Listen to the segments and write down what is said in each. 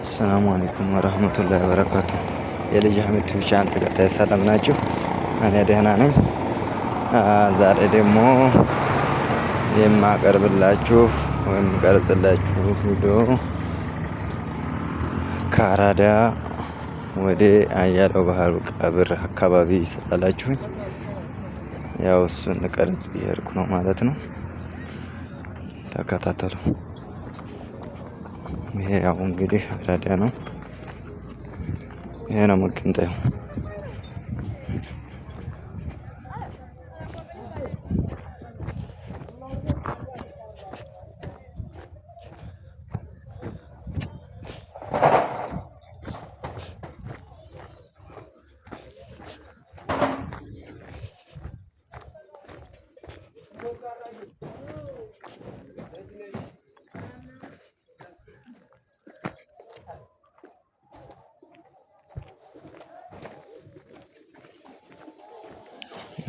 አሰላሙ አለይኩም ወረህመቱላሂ ወበረካቱ። የልጅ ሀሚድ ቲቪ ቻናል ተከታይ ሰላም ናችሁ? እኔ ደህና ነኝ። ዛሬ ደግሞ የማቀርብላችሁ ወይም ቀርጽላችሁ ቪዲዮ ከአራዳ ወደ አያለው ባህሩ ቀብር አካባቢ ይሰጣላችሁኝ። ያው እሱን ቀርጽ እየሄድኩ ነው ማለት ነው። ተከታተሉ። ይሄ ያው እንግዲህ ረዳ ነው። ይሄ ነው መገንጠያው።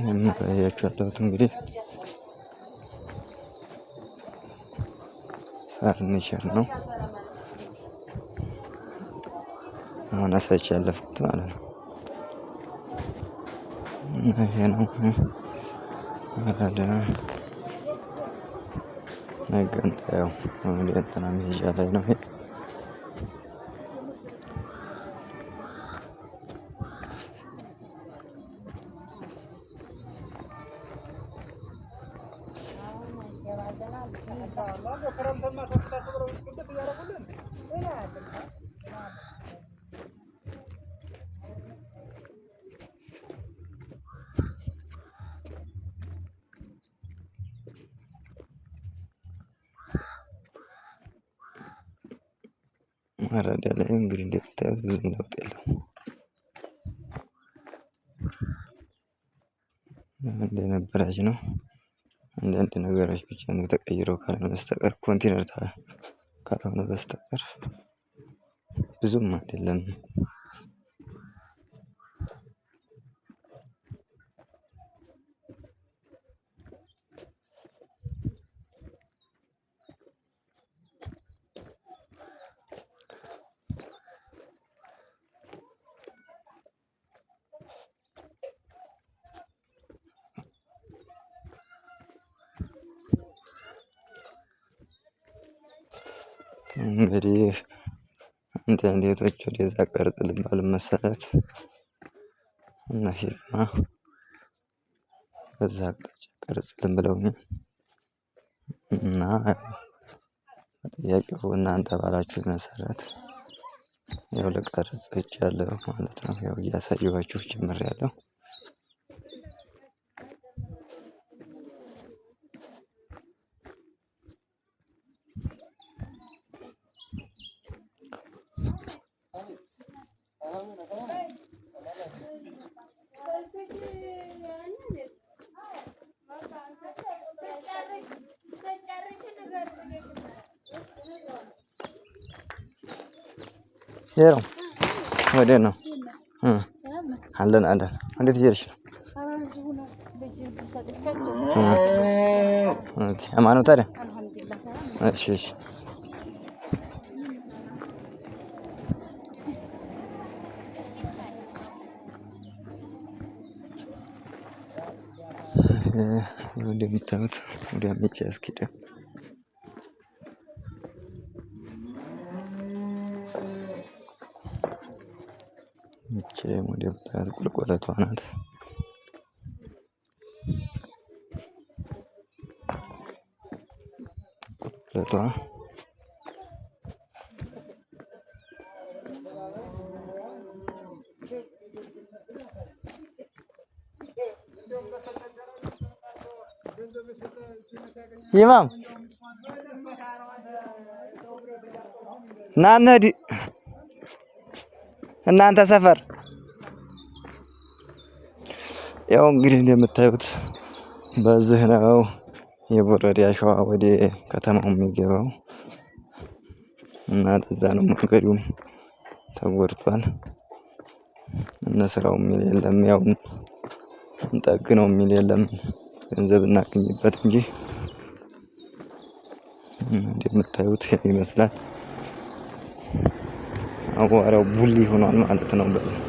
ይህም ያያችሁ ያለሁት እንግዲህ ፈርኒቸር ነው። አሁን አሳይቼ ያለፍኩት ማለት ነው። ይሄ ነው አራዳ መገንጠያው እንግዲህ እንትና መሄጃ ላይ ነው ይሄ መረዳ ላይ እንግዲህ እንደምታዩት ብዙም ለውጥ የለውም። እንደነበረች ነው። አንዳንድ ነገሮች ብቻ ነው ተቀይረው ካልሆነ በስተቀር ኮንቲነር ካልሆነ በስተቀር ብዙም አይደለም። ወደዛ ቀርጽ ልባል መሰረት እና ሂክማ በዛ አቅጣጫ ቀርጽ ልንብለውኛል እና ጥያቄው እናንተ ባላችሁ መሰረት ያው ልቀርጽ ችያለሁ ማለት ነው። ያው እያሳየኋችሁ ጀምሬያለሁ። ይሄው ወደ ነው? አለን አለን። እንዴት እየሄድሽ ነው? አማን ታዲያ። እንደሚታዩት ወዲያመች ያስኬደ ይች ደግሞ እንደምታያት ቁልቁለቷ ናት። ቁልቁለቷ ይማም ናነዲ እናንተ ሰፈር ያው እንግዲህ እንደምታዩት በዚህ ነው የቦረዲ አሸዋ ወደ ከተማው የሚገባው እና ለዛ ነው መንገዱም ተጎድቷል። ስራው የሚል የለም፣ ያው እንጠግነው የሚል የለም። ገንዘብ እናገኝበት እንጂ እንደምታዩት ይመስላል። አቧራው ቡሊ ሆኗል ማለት ነው በዚህ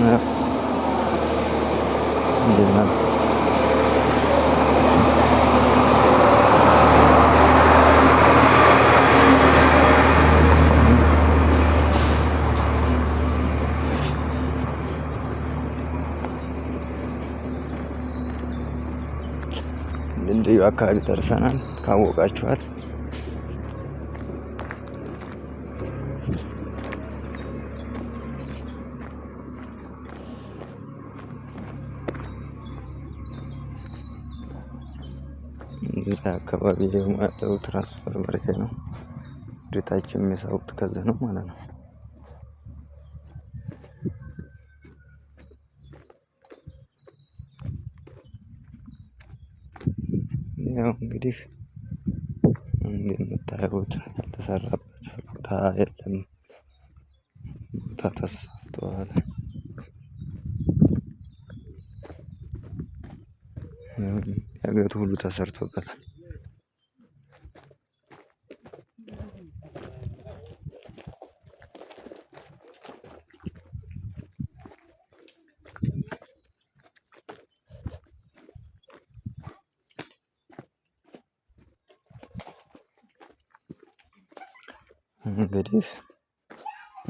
Yeah. አካባቢ ደርሰናል። ካወቃችኋት እዚህ አካባቢ ደግሞ ያለው ትራንስፈር መሬት ነው። ድታችን የሚሰሩት ከዚህ ነው ማለት ነው። እንግዲህ የምታዩት ያልተሰራበት ቦታ የለም። ቦታ ተስፋፍቷል። ያገቱ ሁሉ ተሰርቶበታል። እንግዲህ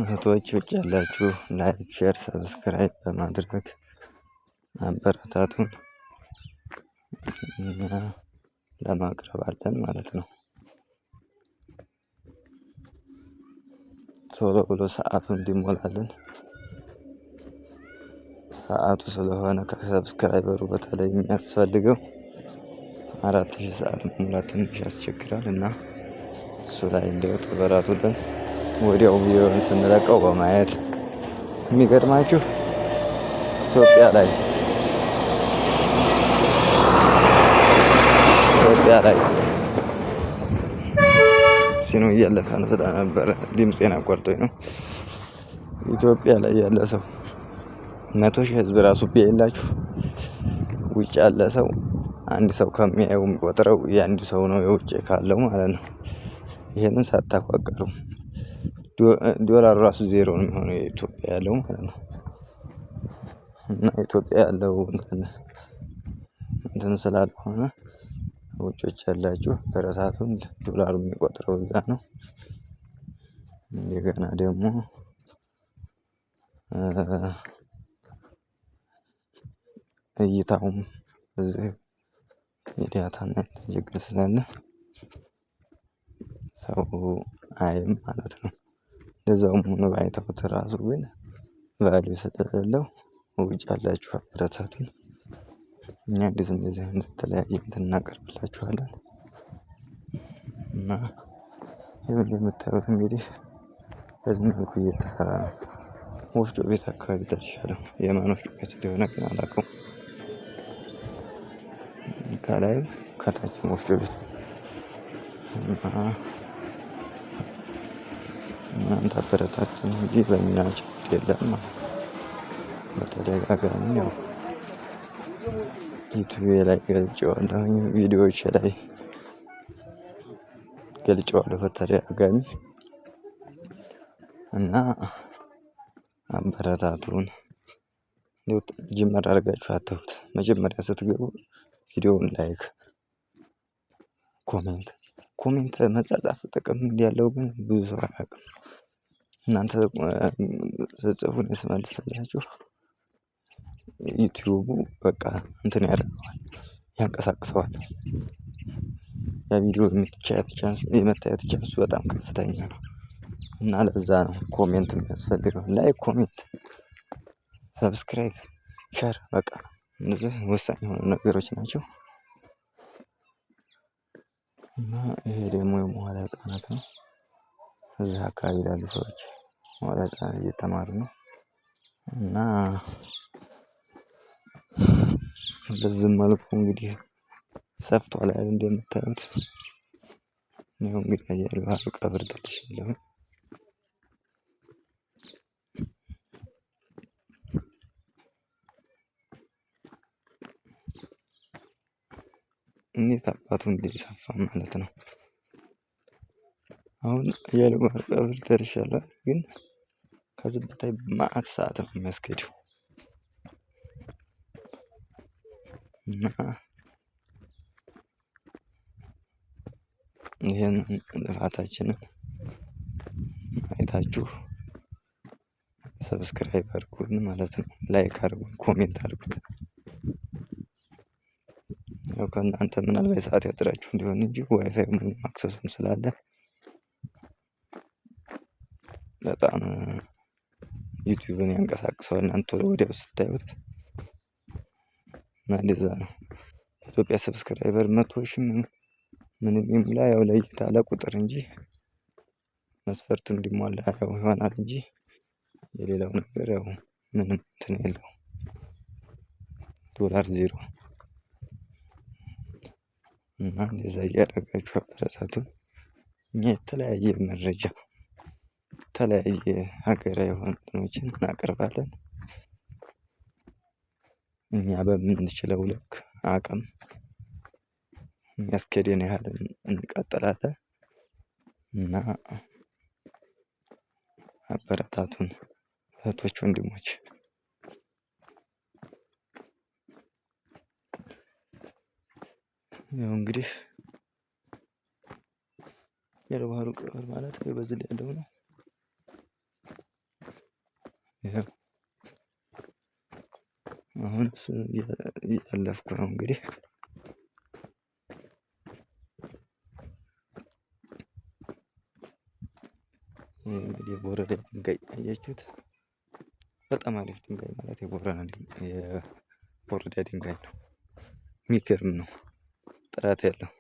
እህቶች ውጭ ያላችሁ ላይክ ሼር ሰብስክራይብ በማድረግ አበረታቱን እና ለማቅረብ አለን ማለት ነው። ቶሎ ብሎ ሰዓቱ እንዲሞላልን ሰዓቱ ስለሆነ ከሰብስክራይበሩ በተለይ የሚያስፈልገው አራት ሺህ ሰዓት መሙላት ትንሽ ያስቸግራል እና እሱ ላይ እንዲያው ተበራቱልን። ወዲያው ቪዲዮን ስንለቀው በማየት የሚገርማችሁ ኢትዮጵያ ላይ ኢትዮጵያ ላይ ሲኑ እያለፈን ስለነበረ ድምፄን አቋርጦኝ ነው። ኢትዮጵያ ላይ ያለ ሰው መቶ ሺህ ህዝብ ራሱ ቢያየላችሁ ውጭ ያለ ሰው አንድ ሰው ከሚያየው የሚቆጥረው የአንድ ሰው ነው የውጭ ካለው ማለት ነው። ይሄንን ሳታቋቀሩ ዶላር ራሱ ዜሮ ነው የሚሆነው የኢትዮጵያ ያለው ማለት ነው። እና ኢትዮጵያ ያለው እንትን ስላልሆነ ውጮች ያላችሁ በረሳቱን ዶላሩ የሚቆጥረው እዛ ነው። እንደገና ደግሞ እይታውም እዚህ ሚዲያ ችግር ስላለ ሰው አይም ማለት ነው። እንደዛውም ሆኖ ባይተውት ራሱ ግን ቫልዩ ስለሌለው ውጭ ያላችሁ አበረታቱን። እኛ እንደዚህ እንደዚህ አይነት የተለያየ እንትን እናቀርብላችኋለን። እና ይሄው የምታዩት እንግዲህ በዚህ መልኩ እየተሰራ ነው። ወፍጮ ቤት አካባቢ ደርሻለሁ የማን ወፍጮ ቤት እንደሆነ ግን አላውቀውም። ከላይም ከታችም ወፍጮ ቤት እናንተ አበረታችን እንጂ በእኛ ችግር የለም። በተደጋጋሚ ያው ዩቱብ ላይ ገልጬዋለሁ፣ ቪዲዮዎች ላይ ገልጬዋለሁ በተደጋጋሚ እና አበረታቱን። ጅመር አድርጋችሁ አተውት መጀመሪያ ስትገቡ ቪዲዮውን ላይክ፣ ኮሜንት ኮሜንት መጻጻፍ ጥቅም እንዲያለው ግን ብዙ ሰው አያውቅም። እናንተ ስትጽፉ እኔ ስመልስላችሁ ዩቲዩቡ በቃ እንትን ያደርገዋል ያንቀሳቅሰዋል። ያ ቪዲዮ የመታየት ቻንሱ በጣም ከፍተኛ ነው። እና ለዛ ነው ኮሜንት የሚያስፈልገው ላይክ ኮሜንት ሰብስክራይብ ሸር በቃ እነዚህ ወሳኝ የሆኑ ነገሮች ናቸው። እና ይሄ ደግሞ የመዋለ ህጻናት ነው። እዚህ አካባቢ ላሉ ሰዎች ወደዛ እየተማሩ ነው። እና በዚህም መልኩ እንግዲህ ሰፍቷል አይደል እንደምታዩት ይኸው እንግዲህ የባህል ቀብር ደርሻለሁኝ። እንዴት አባቱ ሰፋ ማለት ነው። አሁን የባህል ቀብር ደርሻለሁ ግን ከዚህ ብታይ ማአት ሰዓት ነው መስገዱ ይህን ጥፋታችንን አይታችሁ ሰብስክራይብ አድርጉን ማለት ነው። ላይክ አድርጉን፣ ኮሜንት አድርጉን። ያው ከእናንተ ምናልባት ሰዓት ያጥራችሁ እንዲሆን እንጂ ዋይፋይ አክሰሱም ስላለ በጣም ዩቲዩብን ያንቀሳቅሰው እናንተ ወዲያው ስታዩት እና እንደዛ ነው። ኢትዮጵያ ሰብስክራይበር መቶ ሺ ምንም ይሙላ ያው ለእይታ ለቁጥር እንጂ መስፈርቱ እንዲሟላ ያው ይሆናል እንጂ የሌላው ነገር ያው ምንም እንትን የለው። ዶላር ዜሮ እና እንደዛ እያደረጋችሁ አበረታቱን። እኛ የተለያየ መረጃ የተለያየ ሀገራዊ የሆኑ እናቀርባለን። እኛ በምንችለው ልክ አቅም የሚያስኬድን ያህል እንቀጥላለን። እና አበረታቱን እህቶች ወንድሞች። ያው እንግዲህ የለባህሩ ቅብር ማለት በዚህ ላይ ያለው ነው አሁን እሱን እያለፍኩ ነው እንግዲህ ይህ እንግዲህ የቦረዳ ድንጋይ አያችሁት በጣም አሪፍ ድንጋይ ማለት የቦረዳ ድንጋይ ነው የሚገርም ነው ጥራት ያለው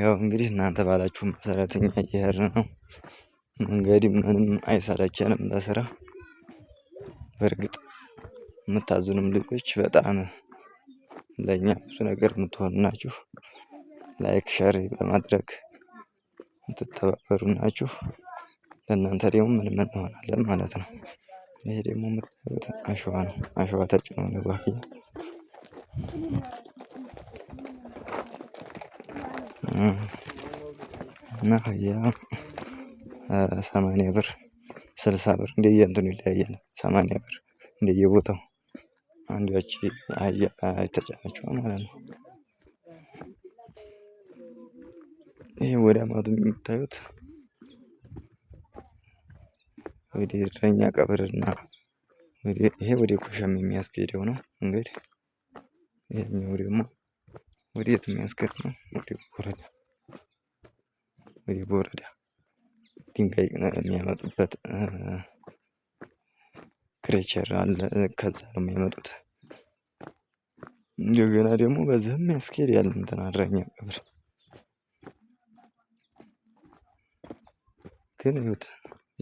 ያው እንግዲህ እናንተ ባላችሁ መሰረት እኛ እየሄድን ነው። መንገድ ምንም አይሰለቸንም ለስራ። በእርግጥ የምታዙንም ልጆች በጣም ለእኛ ብዙ ነገር የምትሆኑ ናችሁ። ላይክ ሸር በማድረግ የምትተባበሩ ናችሁ። ለእናንተ ደግሞ ምንም እንሆናለን ማለት ነው። ይሄ ደግሞ የምታዩት አሸዋ ነው አሸዋ ተጭኖ ነው ባህያ እና ሃያ ሰማንያ ብር ስልሳ ብር እንደየእንትኑ ይለያያል። ሰማንያ ብር እንደየቦታው አንዱ ያቺ አህያ የተጫነችዋ ማለት ነው። ይሄ ወደ ማዶ የምታዩት ወደ እረኛ ቀብርና ይሄ ወደ ኮሻም የሚያስኬደው ነው። እንግዲህ ይሄኛው ደግሞ ወዴት የሚያስኬድ ነው? ወደ ኮረና ገሪቡ በወረዳ ድንጋይ የሚያመጡበት ክሬቸር አለ። ከዛ ነው የሚያመጡት። እንደገና ደግሞ በዚህም ያስኬድ ያለ እንትን አድራኛ ቀብር ግን ይሁት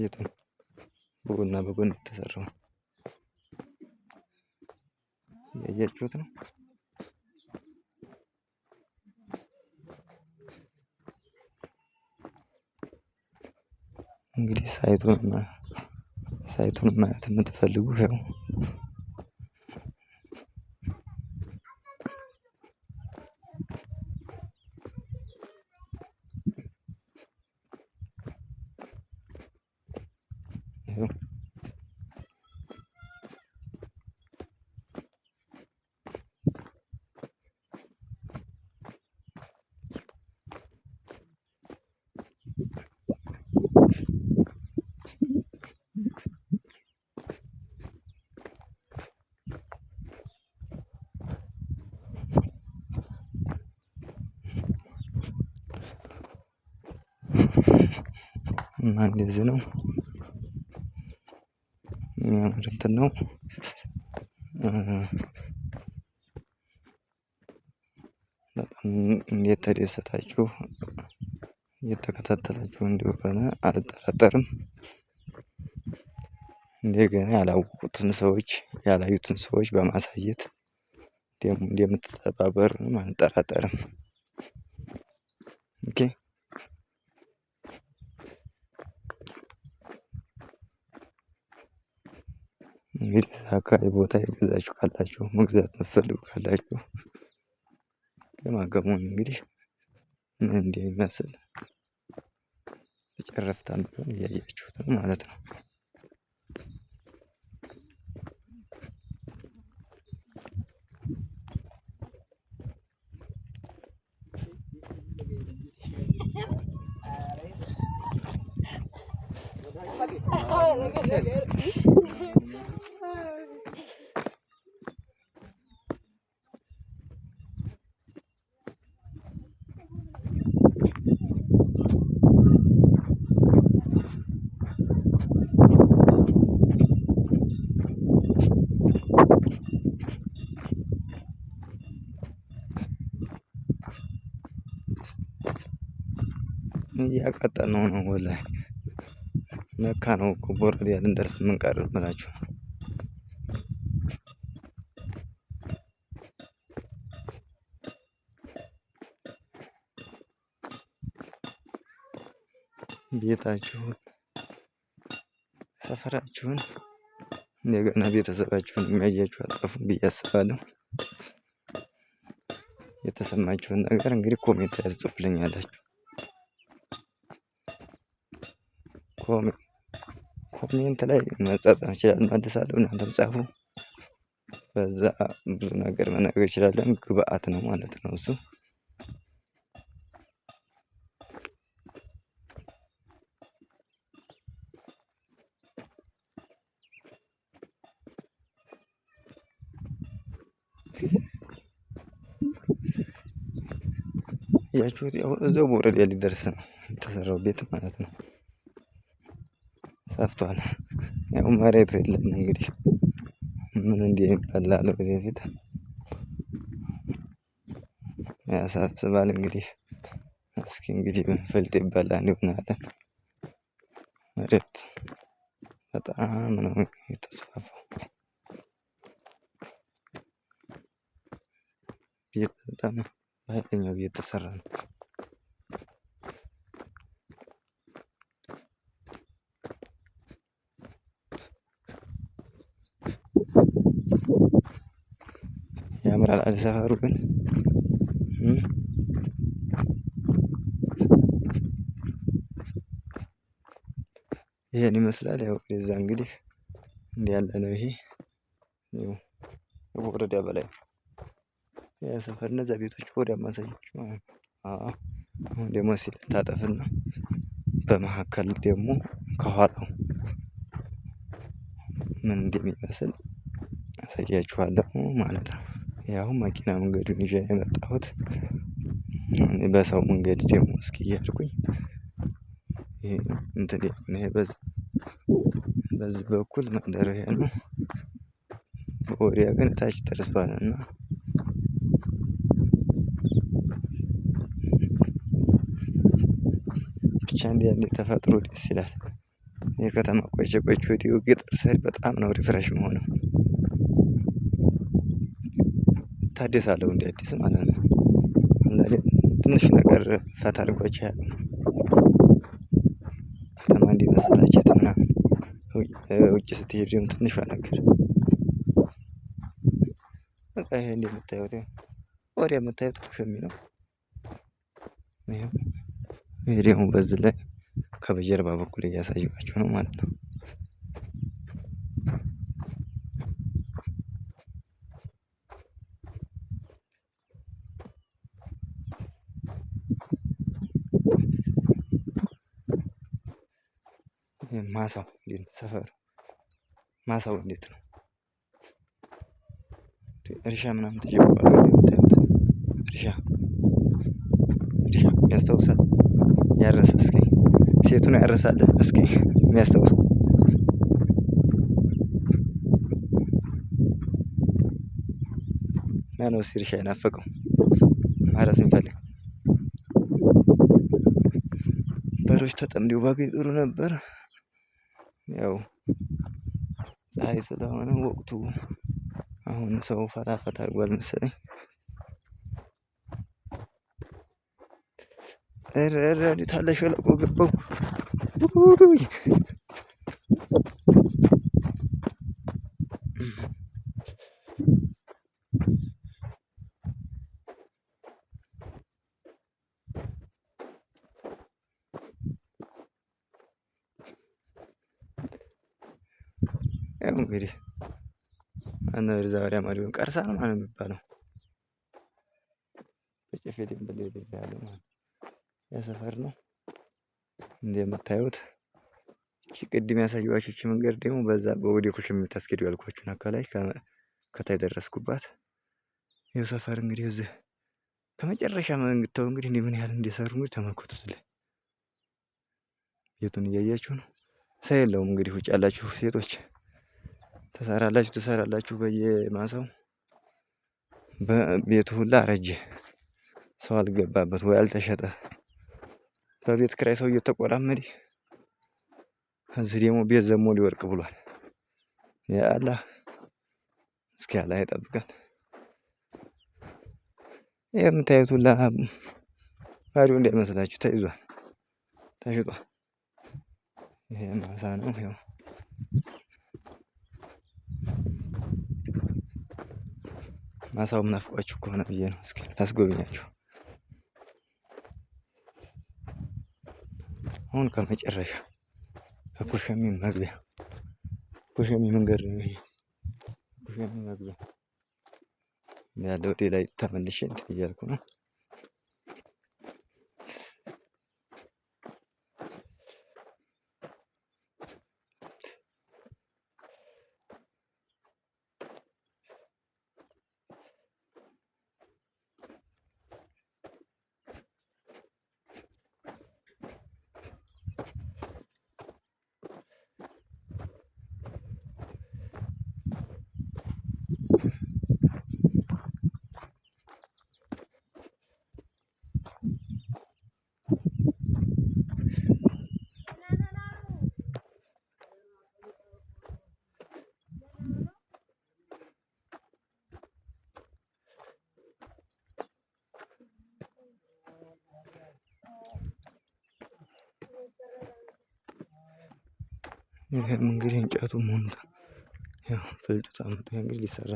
ቤቱን በጎና በጎን የተሰራው ያያችሁት ነው። እንግዲህ ሳይቱን ሳይቱን ማየት የምትፈልጉ ያው እና እንደዚህ ነው የሚያምር እንትን ነው። በጣም እንዴት ተደሰታችሁ እየተከታተላችሁ እንደሆነ አልጠራጠርም። እንደገና ያላወቁትን ሰዎች ያላዩትን ሰዎች በማሳየት እንደምትተባበሩንም አልጠራጠርም። ኦኬ እንግዲህ እዛ አካባቢ ቦታ የገዛችሁ ካላችሁ መግዛት የምትፈልጉ ካላችሁ ገማገሙን እንግዲህ ምን እንደሚመስል ጨረፍታን ቢሆን እያያችሁት ነው ማለት ነው या खाता नौ नौ बोला है መካ ነው እኮ ቦረድ ያለ እንደርስ የምንቀር ምላችሁ ቤታችሁን፣ ሰፈራችሁን እንደገና ቤተሰባችሁን የሚያያችሁ አጠፉ ብዬ አስባለሁ። የተሰማችሁን ነገር እንግዲህ ኮሜንት ላይ ያላችሁ ኮሜንት ኮሜንት ላይ መጻጻፍ ይችላል እናድሳለን። እናንተም ጻፉ። በዛ ብዙ ነገር መናገር ይችላለን። ግብአት ነው ማለት ነው እሱ ያችሁት ያው እዛው በወረዳ ሊደርስ ነው የተሰራው ቤት ማለት ነው። ጠፍቷል። ያው መሬቱ የለም እንግዲህ ምን እንደሚበላ ወደፊት ያሳስባል። እንግዲህ እስኪ እንግዲህ ብንፈልጥ ይበላ እንዲሆን እናያለን። መሬት በጣም ነው የተስፋፋው። በጣም በሃይለኛው እየተሰራ ነው ይመስላል ሰፈሩ ግን ይሄን ይመስላል። ያው የዛ እንግዲህ እንዲህ ያለ ነው። ይሄ ወረዳ በላይ ያ ሰፈር እነዛ ቤቶች ወደ ማሳየች ማለት ነው። አሁን ደግሞ ሲታጠፍና በመካከል ደግሞ ከኋላው ምን እንደሚመስል አሳያችኋለሁ ማለት ነው። ያው መኪና መንገዱን ይዤ ነው የመጣሁት። በሰው መንገድ ደግሞ እስኪ እያልኩኝ እንትን ይሄ በዚህ በዚህ በኩል መንደርህ ነው። ወዲያ ግን ታች ደርሷል እና ብቻ እንዲህ አንዴ ተፈጥሮ ደስ ይላል። የከተማ ቆይቼ ቆይቼ ወዲሁ ገጠር ስሄድ በጣም ነው ሪፍሬሽ መሆነው። እታደሳለሁ እንደ አዲስ ማለት ነው። አንዳንዴ ትንሽ ነገር ፈታ አድርጓችሁ አያውቅም። ከተማ እንዲህ መሰላቸት ምናምን ውጭ ስትሄድ ደግሞ ትንሿ ነገር በቃ ይሄ እንደምታዩት ወዲያ የምታዩት ኩሽሚ ነው። ይሄ ደግሞ በዚህ ላይ ከበጀርባ በኩል እያሳየኋችሁ ነው ማለት ነው ማሳው እንዴት ነው? ሰፈር ማሳው እንዴት ነው? እርሻ ምናምን ተጀምሯል እንደምታዩት እርሻ እርሻ ያስታውሳል። ያረሰ እስኪ ሴቱን ያረሳለ እስኪ የሚያስታውሰው ማነው እስኪ እርሻ የናፈቀው ማረስ የሚፈልግ? በሮች ተጠምደው ባገኝ ጥሩ ነበር። ያው ፀሀይ ስለሆነ ወቅቱ አሁን ሰው ፈታ ፈታ አድርጓል መሰለኝ። እረ እረ ወዴት አለ ሸለቆ ገባው ነው ዛሬ ማለት ነው። ቀርሳ ነው ማለት የሚባለው። በጨፌ ደንበል ወደዛ ያለ ማለት ያ ሰፈር ነው። እንደምታዩት እቺ ቅድም ያሳየኋችሁ እቺ መንገድ ደግሞ በዛ በወደ ኩሽ የምታስኬደው ያልኳችሁን አካላይ ከታይ ደረስኩባት። ይኸው ሰፈር እንግዲህ እዚህ ከመጨረሻ መንግተው እንግዲህ እንደ ምን ያህል እንደሰሩ እንግዲህ ተመልከቱት። ቤቱን እያያችሁ ነው። ሰው የለውም እንግዲህ ውጭ ያላችሁ ሴቶች ትሰራላችሁ ትሰራላችሁ በየማሳው ቤቱ ሁላ አረጀ። ሰው አልገባበት ወይ አልተሸጠ። በቤት ክራይ ሰው እየተቆራመደ እዚህ ደግሞ ቤት ዘሞ ሊወርቅ ብሏል። ያላ እስኪ አላህ ይጠብቃል። የምታዩት ሁላ ባሪው እንዳይመስላችሁ ተይዟል፣ ተሽጧል። ይሄ ማሳ ነው ማሳው ናፍቋችሁ ከሆነ ብዬ ነው። እስኪ ላስጎብኛችሁ። አሁን ከመጨረሻ ከኩሸሚ መግቢያ ኩሸሚ መንገድ ነው ይሄ። ኩሸሚ መግቢያ ያለው ሌላ ተመልሼ እንትን እያልኩ ነው። እንግዲህ እንጨቱ መሆኑ ያው ፍልጡት አምጡ እንግዲህ ሊሰራ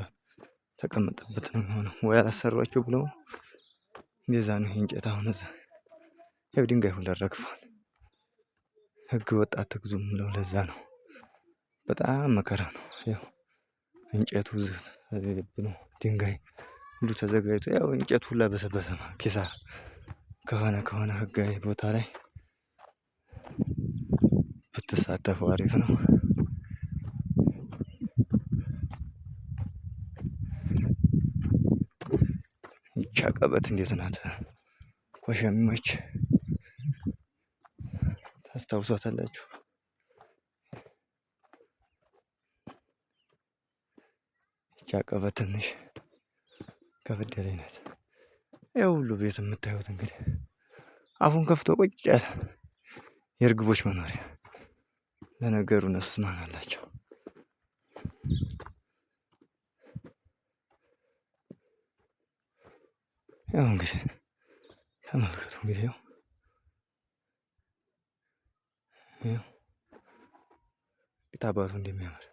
ተቀመጠበት ነው የሆነው። ወይ አላሰሯቸው ብለው እንደዛ ነው እንጨት። አሁን እዛ ያው ድንጋይ ሁላ ረግፏል። ህግ ወጣት ትግዙ ምለው ለዛ ነው። በጣም መከራ ነው። ያው እንጨቱ ነው ድንጋይ ሁሉ ተዘጋጅቶ ያው እንጨቱ ሁላ በሰበሰ ኪሳራ ከሆነ ከሆነ ህጋዊ ቦታ ላይ ብትሳተፉ አሪፍ ነው። ይቻ አቀበት እንዴት ናት? ኮሸመች ታስታውሷታላችሁ? ይቻ አቀበት ትንሽ ከበድ ያለች ናት። ይሄ ሁሉ ቤት የምታዩት እንግዲህ አፉን ከፍቶ ቁጭ ያለ የእርግቦች መኖሪያ ለነገሩ እነሱስ ማን አላቸው? ያው እንግዲህ ተመልከቱ እንግዲህ ያው ያው አባቱ እንደሚያምር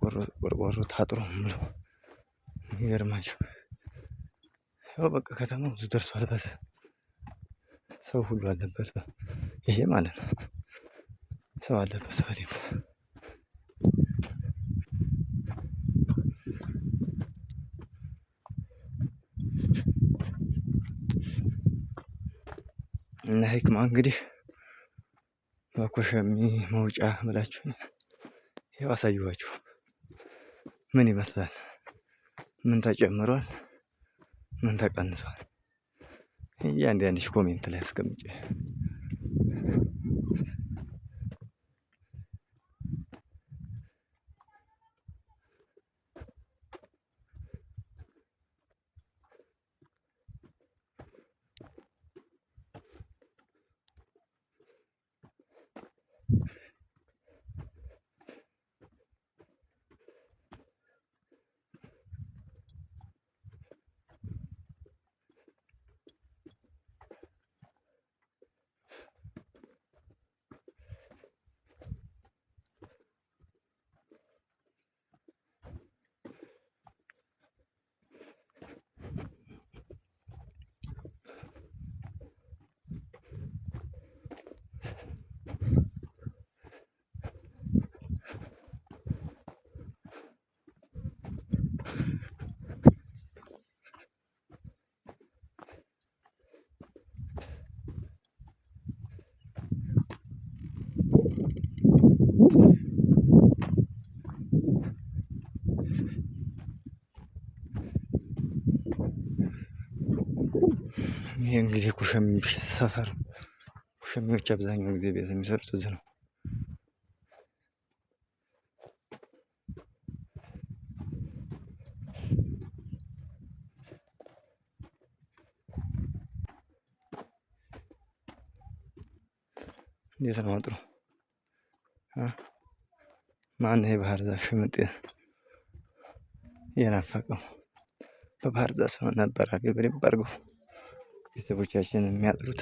ቆርቆሮ ታጥሮ ምን ብሎ የሚገርማቸው ያው በቃ ከተማው ብዙ ደርሷል። ሰው ሁሉ አለበት ይሄ ማለት ነው። ሰው አለበት በደንብ እና ሂክማ እንግዲህ መኮሸሚ መውጫ ብላችሁ ያው አሳየኋችሁ። ምን ይመስላል? ምን ተጨምሯል? ምን ተቀንሷል? እያንዳንድሽ ኮሜንት ላይ አስቀምጭ። ይህ እንግዲህ ኩሸሚዎች ሰፈር ኩሸሚዎች አብዛኛው ጊዜ ቤት የሚሰሩት እዚህ ነው። እንዴት ነው አጥሩ? ማን የባህር ዛፍ ሽምጥ የናፈቀው? በባህር ዛፍ ነበር አገ በደንብ አድርገው ቤተሰቦቻችን የሚያጥሩት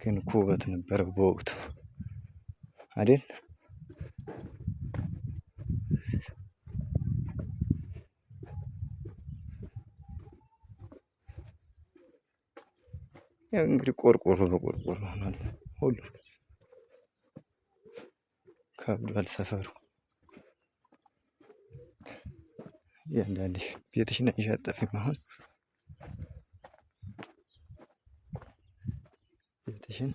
ግን ውበት ነበረው በወቅቱ አይደል? ያው እንግዲህ ቆርቆሮ በቆርቆሮ ሆኗል ሁሉም ከብዷል ሰፈሩ። እያንዳንድሽ ቤትሽን እያጠፊም አሁን Evet işin.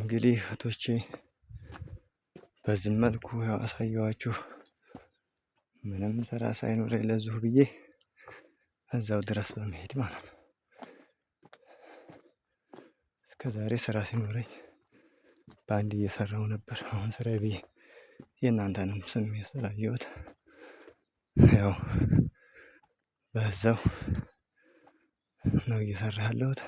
እንግዲህ እህቶቼ በዚህ መልኩ ያሳየኋችሁ ምንም ስራ ሳይኖረኝ ለዚሁ ብዬ እዛው ድረስ በመሄድ ማለት ነው። እስከ ዛሬ ስራ ሲኖረኝ በአንድ እየሰራው ነበር። አሁን ስራ ብዬ የእናንተንም ስሜት ስላየሁት ያው በዛው ነው እየሰራ ያለሁት።